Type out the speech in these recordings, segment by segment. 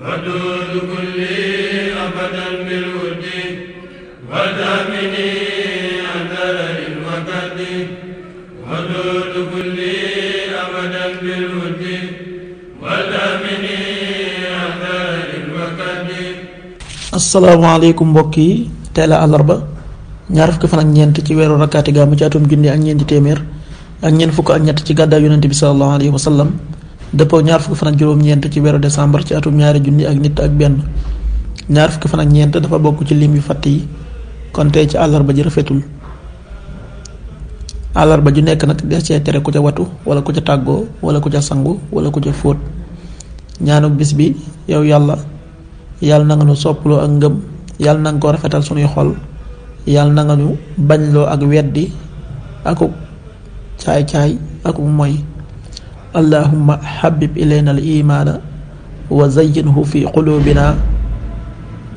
ودود كلي أبدا بالود ودامني أدر وكد ودود كلي أبدا بالود ودامني أدر وكد السلام عليكم بوكي تالا الأربعة ñaar fukki fan ñeent ci weeru rakkaati gàmmu ci atum junni ak ñeenti téeméer ak ñeent fukk ak ñett ci gàddaay yonent bi sallallahu alayhi wa dëppoo ñaar fukki fan ak juróom-ñeent ci weeru décembre ci atum ñaari junni ak nit ak benn ñaar fukki fan ak ñeent dafa bokk ci lim yu fàtt yi kon tey ci àllarba ji rafetul àllarba ju nekk nag des cee tere ku ca watu wala ku ca tàggoo wala ku ca sangu wala ku ca fóot ñaanuk bis bi yow yàlla yàlla na nga nu soppaloo ak ngëm yàlla na nga ko rafetal sunuy xol yàlla na nga ñu bañloo ak weddi akuk caay-caay akuk moy allahumma habib ilayna al imaana wa zayyinhu fi quluubina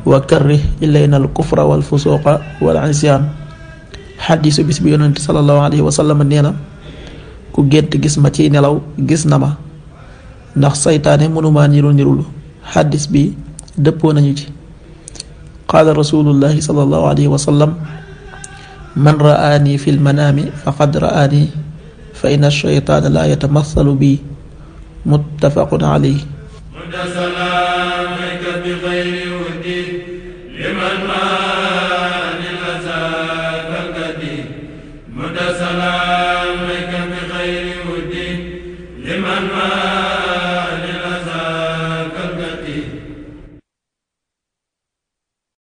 wa karrih ilayna al kufra wal fusuqa wal isyaan xadiisu bis bi yonent sallallahu alayhi wa sallam nee na ku gént gis ma ciy nelaw gis na ma ndax saytaane mënumaa niru nirul xaddis bi dëppoo nañu ci qaala rasulullahi sallallahu alayhi wa sallam man ra'aani fi lmanaami faqad ra'aani fa inna sheytaana laa yatamassalu bi muttafaqun alayh man